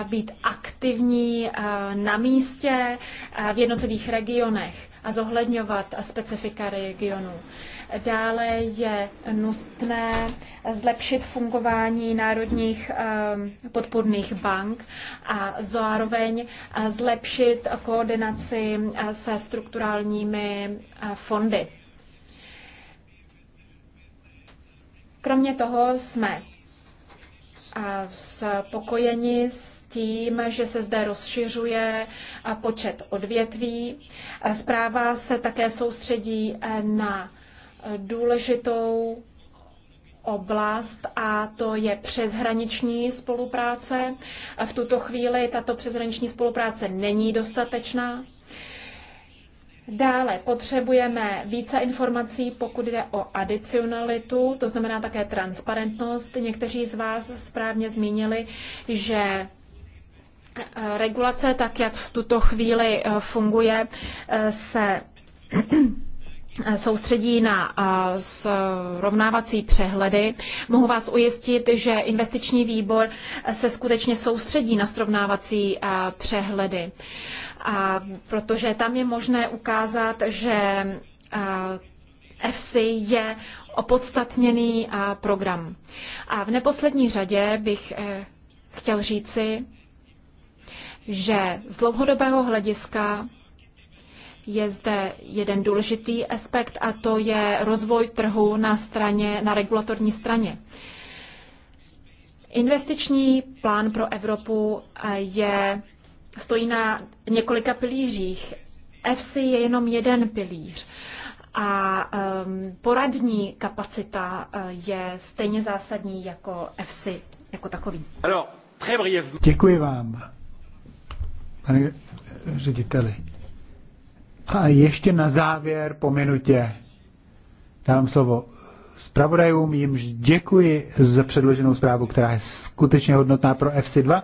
být aktivní na místě v jednotlivých regionech a zohledňovat specifika regionu. Dále je nutné zlepšit fungování národních ehm, podpůrných bank a zároveň eh, zlepšit koordinaci eh, se strukturálními eh, fondy. Kromě toho jsme spokojeni s tím, že se zde rozšiřuje počet odvětví. Zpráva se také soustředí e, na e, důležitou oblast a to je přeshraniční spolupráce. V tuto chvíli tato přeshraniční spolupráce není dostatečná. Dále potřebujeme více informací, pokud jde o adicionalitu, to znamená také transparentnost. Někteří z vás správně zmínili, že eh, regulace, tak jak v tuto chvíli eh, funguje, eh, se soustředí na srovnávací přehledy. Mohu vás ujistit, že investiční výbor se skutečně soustředí na srovnávací přehledy, protože tam je možné ukázat, že EFSI je opodstatněný program. A v neposlední řadě bych e, chtěl říci, že z dlouhodobého hlediska je zde jeden důležitý aspekt a to je rozvoj trhu na straně, na regulatorní straně. Investiční plán pro Evropu eh, je, stojí na několika pilířích. FC je jenom jeden pilíř a um, poradní kapacita eh, je stejně zásadní jako FC jako takový. Děkuji vám, pane řediteli. A ještě na závěr po minutě dám slovo zpravodajům, jimž děkuji za předloženou zprávu, která je skutečně hodnotná pro FC2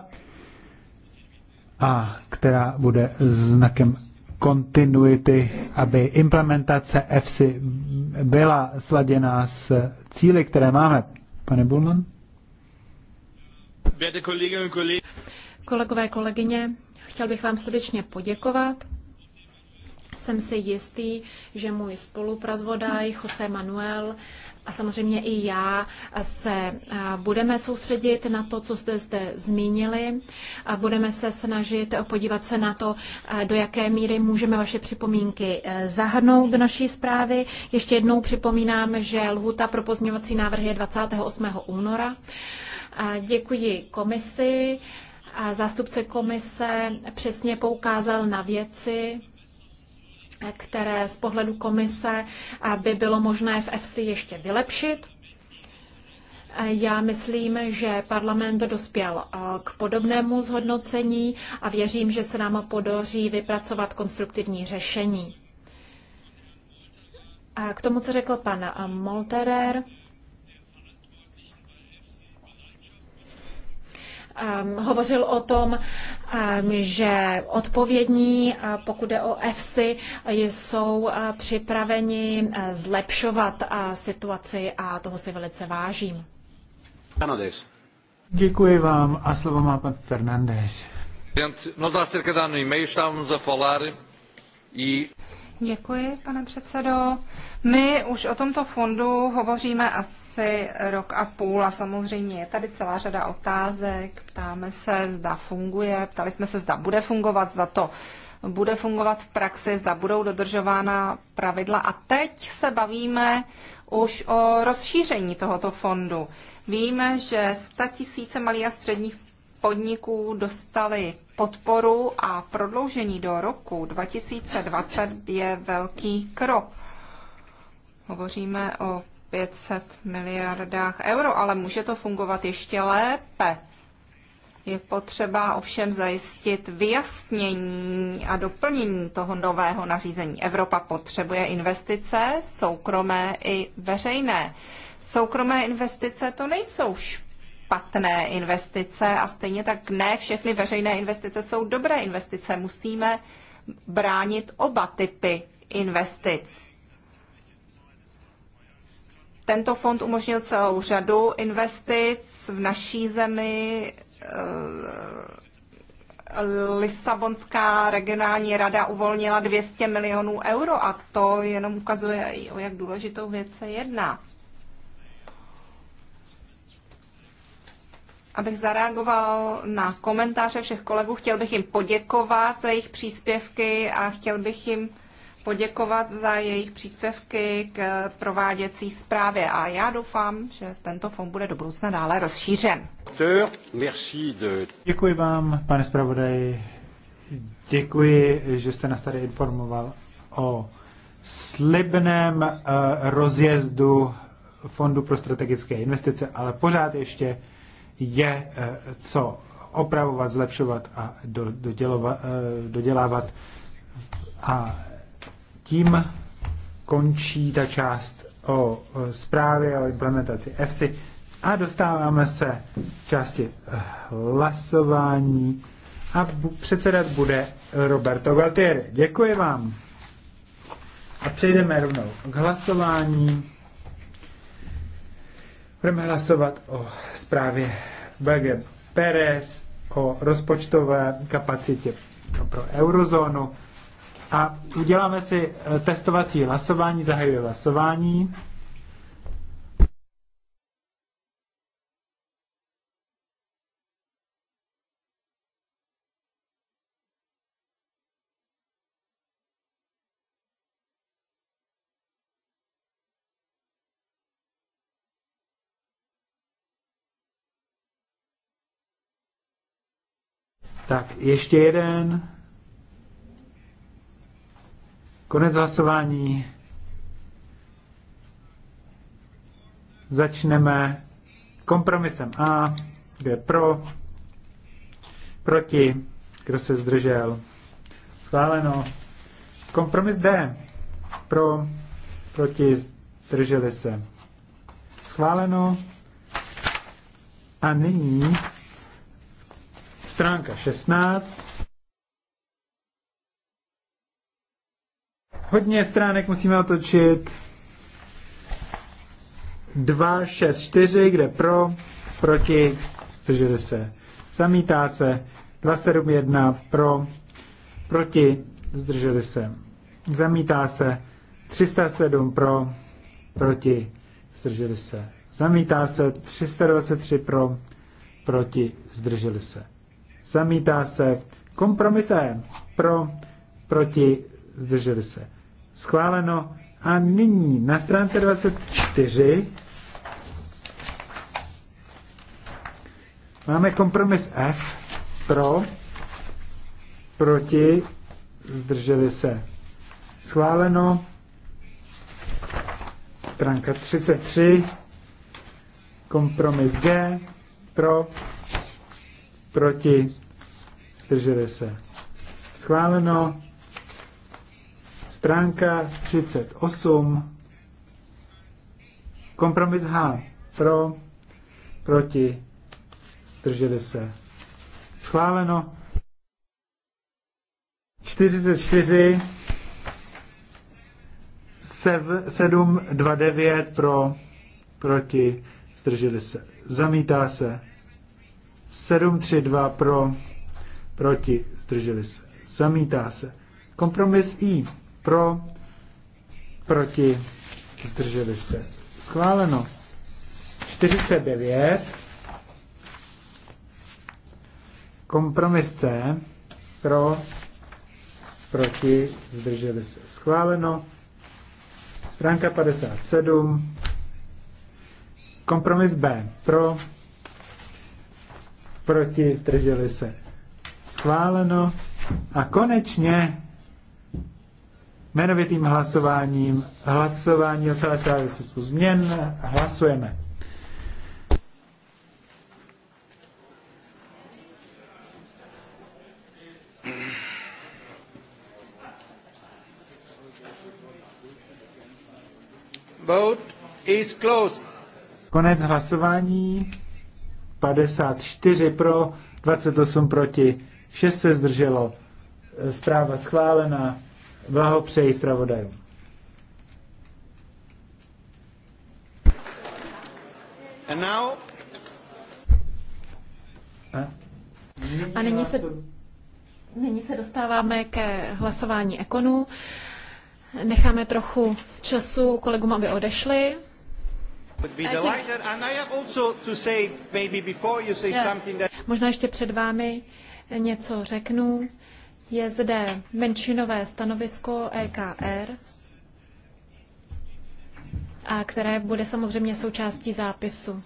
a která bude znakem kontinuity, aby implementace FC byla sladěná s cíly, které máme. Pane Bulman? Kolegové, kolegyně, chtěl bych vám srdečně poděkovat jsem si jistý, že můj spolupravodaj Jose Manuel a samozřejmě i já se budeme soustředit na to, co jste zde zmínili. A budeme se snažit podívat se na to, do jaké míry můžeme vaše připomínky e, zahrnout do naší zprávy. Ještě jednou připomínám, že lhuta pro pozměňovací návrh je 28. února. děkuji komisi. zástupce komise přesně poukázal na věci, které z pohledu komise eh, by bylo možné v EFSI ještě vylepšit. Eh, já myslím, že parlament dospěl eh, k podobnému zhodnocení a věřím, že se nám podaří vypracovat konstruktivní řešení. A k tomu, co řekl pan Molterer, ehm, hovořil o tom, Ehm, že odpovědní, eh, pokud jde o EFSI, jsou eh, připraveni eh, zlepšovat situaci a toho si velice vážím. Fernandez. Děkuji vám a slovo má pan Fernandez. ano e Děkuji, pane předsedo. My už o tomto fondu hovoříme asi rok a půl a samozřejmě je tady celá řada otázek. Ptáme se, zda funguje, ptali jsme se, zda bude fungovat, zda to bude fungovat v praxi, zda budou dodržována pravidla. A teď se bavíme už o rozšíření tohoto fondu. Víme, že 100 tisíce malých a středních podniků dostali podporu a prodloužení do roku 2020 je velký krok. Hovoříme o 500 miliardách euro, ale může to fungovat ještě lépe. Je potřeba ovšem zajistit vyjasnění a doplnění toho nového nařízení. Evropa potřebuje investice, soukromé i veřejné. Soukromé investice to nejsou špatné špatné investice a stejně tak ne všechny veřejné investice jsou dobré investice. Musíme bránit oba typy investic. Tento fond umožnil celou řadu investic v naší zemi. Eh, Lisabonská regionální rada uvolnila 200 milionů euro a to jenom ukazuje, o jak důležitou věc se jedná. abych zareagoval na komentáře všech kolegů. Chtěl bych jim poděkovat za jejich příspěvky a chtěl bych jim poděkovat za jejich příspěvky k prováděcí zprávě a já doufám, že tento fond bude do budoucna dále rozšířen. Děkuji vám, pane zpravodaji. Děkuji, že jste nás tady informoval o slibném eh, rozjezdu Fondu pro strategické investice, ale pořád ještě je eh, co opravovat, zlepšovat a eh, dodělávat. A tím končí ta část o zprávě o implementaci EFSI a dostáváme se k části eh, hlasování a předsedat bude Roberto Galtieri. Děkuji vám. A přejdeme rovnou k hlasování. Budeme hlasovat o zprávě BG Pérez, o rozpočtové kapacitě pro eurozónu. A uděláme si eh, testovací hlasování, zahajuje hlasování. Tak, ještě jeden. Konec hlasování. Začneme kompromisem A. Kdo je pro? Proti? Kdo se zdržel? Schváleno. Kompromis D. Pro? Proti? Zdrželi se. Schváleno. A nyní stránka 16. Hodně stránek musíme otočit. 2, 6, 4, kde pro, proti, zdrželi se, zamítá se. 2, 7, 1, pro, proti, zdrželi se, zamítá se. 307 pro, proti, zdrželi se. Zamítá se 323 pro, proti, zdrželi se zamítá se. Kompromis e. pro, proti, zdrželi se. Schváleno. A nyní na stránce 24 máme kompromis F pro, proti, zdrželi se. Schváleno. Stránka 33. Kompromis G pro, proti, zdrželi se. Schváleno. Stránka 38. Kompromis H. Pro, proti, zdrželi se. Schváleno. 44 729 pro, proti, zdrželi se. Zamítá se. 732 pro, proti, zdrželi se, zamítá se. Kompromis I pro, proti, zdrželi se. Schváleno. 49. Kompromis C pro, proti, zdrželi se. Schváleno. Stránka 57. Kompromis B pro, proti, zdrželi se. Schváleno. A konečně jmenovitým hlasováním, hlasování o celé zprávě změn, hlasujeme. Vote is closed. Konec hlasování. 54 pro, 28 proti, 6 se zdrželo. Zpráva schválena. Blahopřeji zpravodajům. And now... A nyní se, nyní se dostáváme ke hlasování ekonů. Necháme trochu času kolegům, aby odešli. Možná ještě před vámi něco řeknu. Je zde menšinové stanovisko EKR, a které bude samozřejmě součástí zápisu.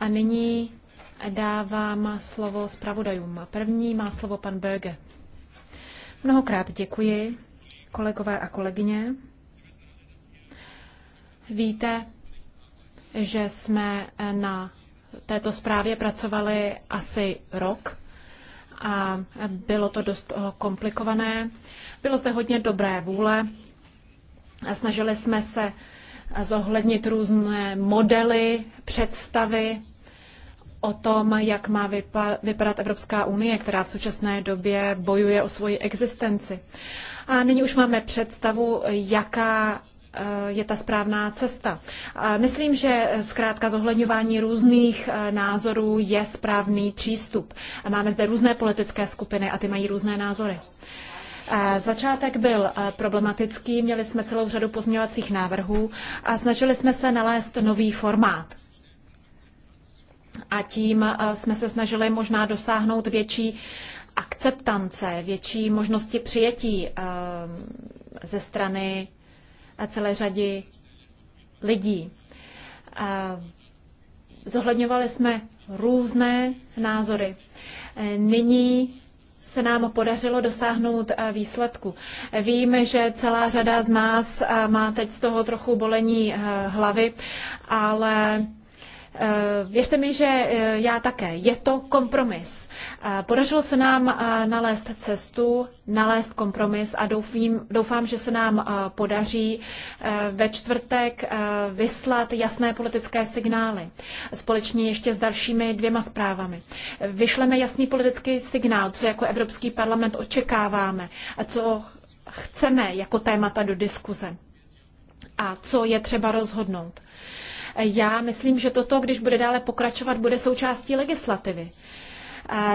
A nyní dávám slovo zpravodajům. První má slovo pan Böge. Mnohokrát děkuji, kolegové a kolegyně. Víte, že jsme eh, na této zprávě pracovali asi rok a bylo to dost eh, komplikované. Bylo zde hodně dobré vůle. Snažili jsme se eh, zohlednit různé modely, představy o tom, jak má vypa- vypadat Evropská unie, která v současné době bojuje o svoji existenci. A nyní už máme představu, jaká Eh, je ta správná cesta. Myslím, že zkrátka zohledňování různých eh, názorů je správný přístup. Máme zde různé politické skupiny a ty mají různé názory. Eh, začátek byl problematický, měli jsme celou řadu pozměňovacích návrhů a snažili jsme se nalézt nový formát. A tím jsme se snažili možná dosáhnout větší akceptance, větší možnosti přijetí ze strany celé řadě lidí. Zohledňovali jsme různé názory. E, nyní se nám podařilo dosáhnout e, výsledku. Vím, že celá řada z nás e, má teď z toho trochu bolení hlavy, ale Eh, věřte mi, že eh, já také. Je to kompromis. Eh, podařilo se nám nalézt cestu, nalézt kompromis a doufím, doufám, že se nám podaří ve čtvrtek vyslat jasné politické signály. Společně ještě s dalšími dvěma zprávami. Vyšleme jasný politický signál, co jako Evropský parlament očekáváme a co chceme jako témata do diskuze a co je třeba rozhodnout. Já myslím, že toto, když bude dále pokračovat, bude součástí legislativy.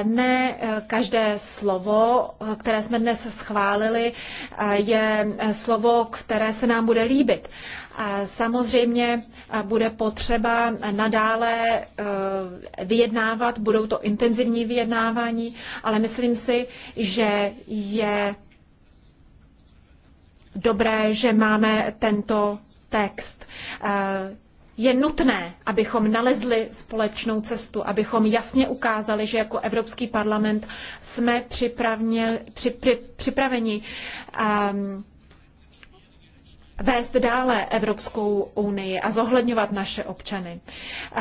Ne e, každé slovo, e, které jsme dnes schválili, e, je slovo, které se nám bude líbit. Samozřejmě bude potřeba nadále vyjednávat, budou to intenzivní vyjednávání, ale myslím si, že je dobré, že máme tento text je nutné, abychom nalezli společnou cestu, abychom jasně ukázali, že jako Evropský parlament jsme připravně, při, při, připraveni um, vést dále Evropskou unii a zohledňovat naše občany.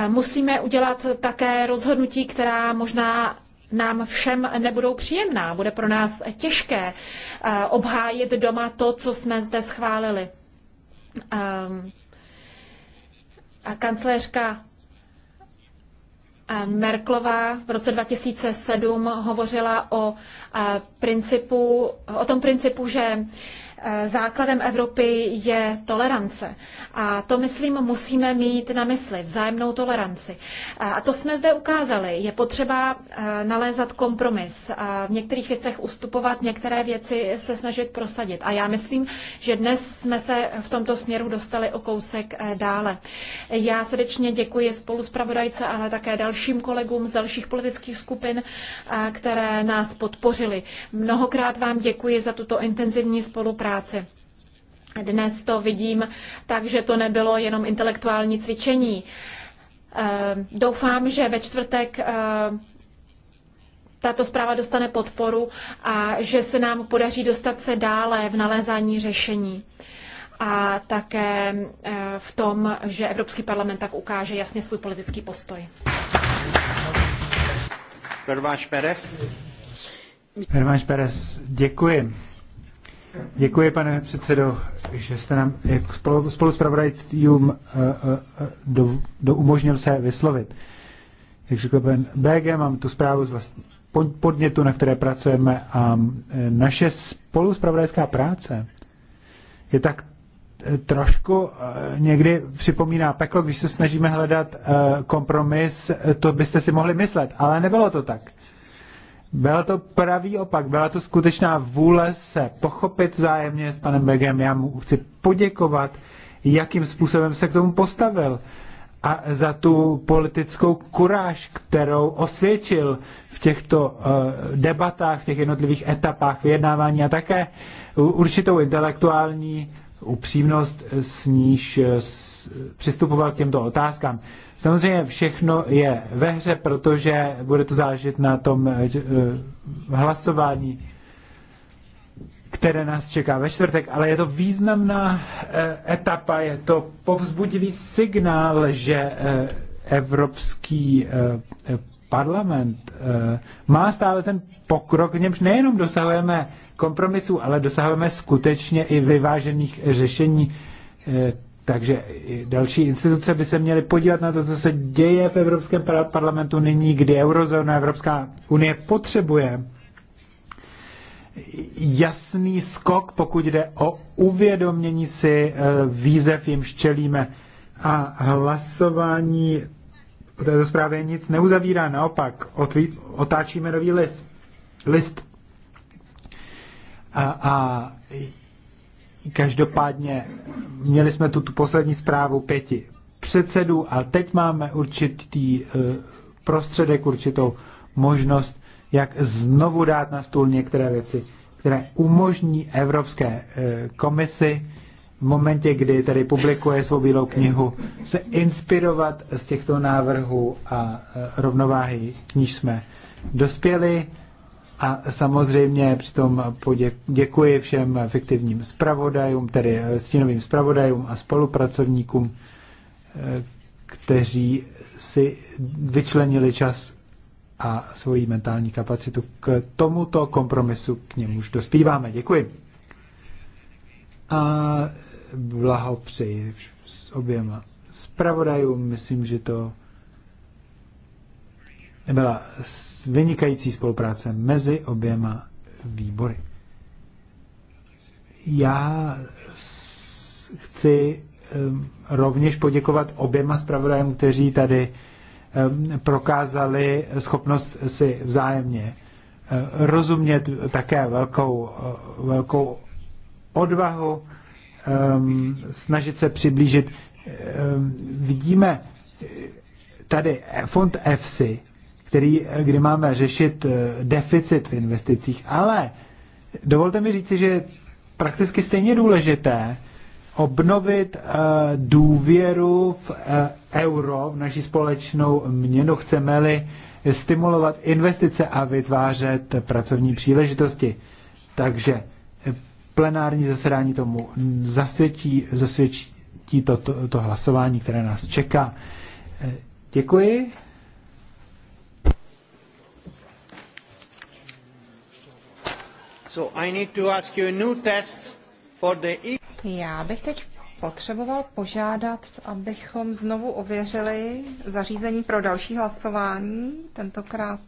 Musíme udělat také rozhodnutí, která možná nám všem nebudou příjemná. Bude pro nás těžké uh, obhájit doma to, co jsme zde schválili. Um, Kancléřka Merklová v roce 2007 hovořila o, principu, o tom principu, že Eh, základem Evropy je tolerance. A to, myslím, musíme mít na mysli, vzájemnou toleranci. Eh, a to jsme zde ukázali. Je potřeba eh, nalézat kompromis, v některých věcech ustupovat, některé věci se snažit prosadit. A já myslím, že dnes jsme se v tomto směru dostali o kousek dále. Já srdečně děkuji spolu pravodajce, ale také dalším kolegům z dalších politických skupin, které nás podpořili. Mnohokrát vám děkuji za tuto intenzivní spolupráci práci. Dnes to vidím tak, že to nebylo jenom intelektuální cvičení. Eh, doufám, že ve čtvrtek eh, tato zpráva dostane podporu a že se nám podaří dostat se dále v nalézání řešení a také eh, v tom, že Evropský parlament tak ukáže jasně svůj politický postoj. Perváš Pérez. Perváš Pérez, děkuji. Děkuji, pane předsedo, že jste nám jako spolu s pravodajstvím eh, eh, do, do umožnil se vyslovit. Jak řekl pan BG, mám tu zprávu z vlastní podnětu, na které pracujeme a eh, naše spoluspravodajská práce je tak trošku někdy připomíná peklo, když se snažíme hledat kompromis, to byste si mohli myslet, ale nebylo to tak. Byla to pravý opak, byla to skutečná vůle se pochopit vzájemně s panem Begem. Já mu chci poděkovat, jakým způsobem se k tomu postavil a za tu politickou kuráž, kterou osvědčil v těchto eh, debatách, v těch jednotlivých etapách vyjednávání a také určitou intelektuální upřímnost, s níž eh, přistupoval k těmto otázkám. Samozřejmě všechno je ve hře, protože bude to záležet na tom eh, eh, hlasování, které nás čeká ve čtvrtek, ale je to významná etapa, je to povzbudivý signál, že Evropský parlament má stále ten pokrok, v němž nejenom dosahujeme kompromisů, ale dosahujeme skutečně i vyvážených řešení. E, takže další instituce by se měly podívat na to, co se děje v Evropském parlamentu nyní, kdy eurozóna Evropská unie potřebuje jasný skok, pokud jde o uvědomění si e, výzev, jim čelíme. A hlasování o této zprávě nic neuzavírá, naopak otáčíme nový list. list. A, a každopádně měli jsme tu, tu poslední zprávu pěti předsedů a teď máme určitý e, prostředek, určitou možnost, jak znovu dát na stůl některé věci, které umožní Evropské e, komisi v momentě, kdy tady publikuje svou bílou knihu, se inspirovat z těchto návrhů a e, rovnováhy, k níž jsme dospěli. A samozřejmě přitom děkuji všem fiktivním zpravodajům, tedy eh, stínovým zpravodajům a spolupracovníkům, eh, kteří si vyčlenili čas a svoji mentální kapacitu k tomuto kompromisu, k němuž dospíváme. Děkuji. A blahopřeji oběma zpravodajům. Myslím, že to byla vynikající spolupráce mezi oběma výbory. Já chci rovněž poděkovat oběma zpravodajům, kteří tady prokázali schopnost si vzájemně rozumět také velkou, eh, velkou odvahu, snažit se přiblížit. Vidíme tady fond EFSI, který, kdy máme řešit eh, deficit v investicích, ale dovolte mi říci, že je prakticky stejně důležité obnovit eh, důvěru v eh, euro, v naší společnou měnu. Chceme-li stimulovat investice a vytvářet pracovní příležitosti. Takže plenární zasedání tomu zasvědčí, zasvědčí to, to, to hlasování, které nás čeká. Děkuji. Já bych teď potřeboval požádat, abychom znovu ověřili zařízení pro další hlasování, tentokrát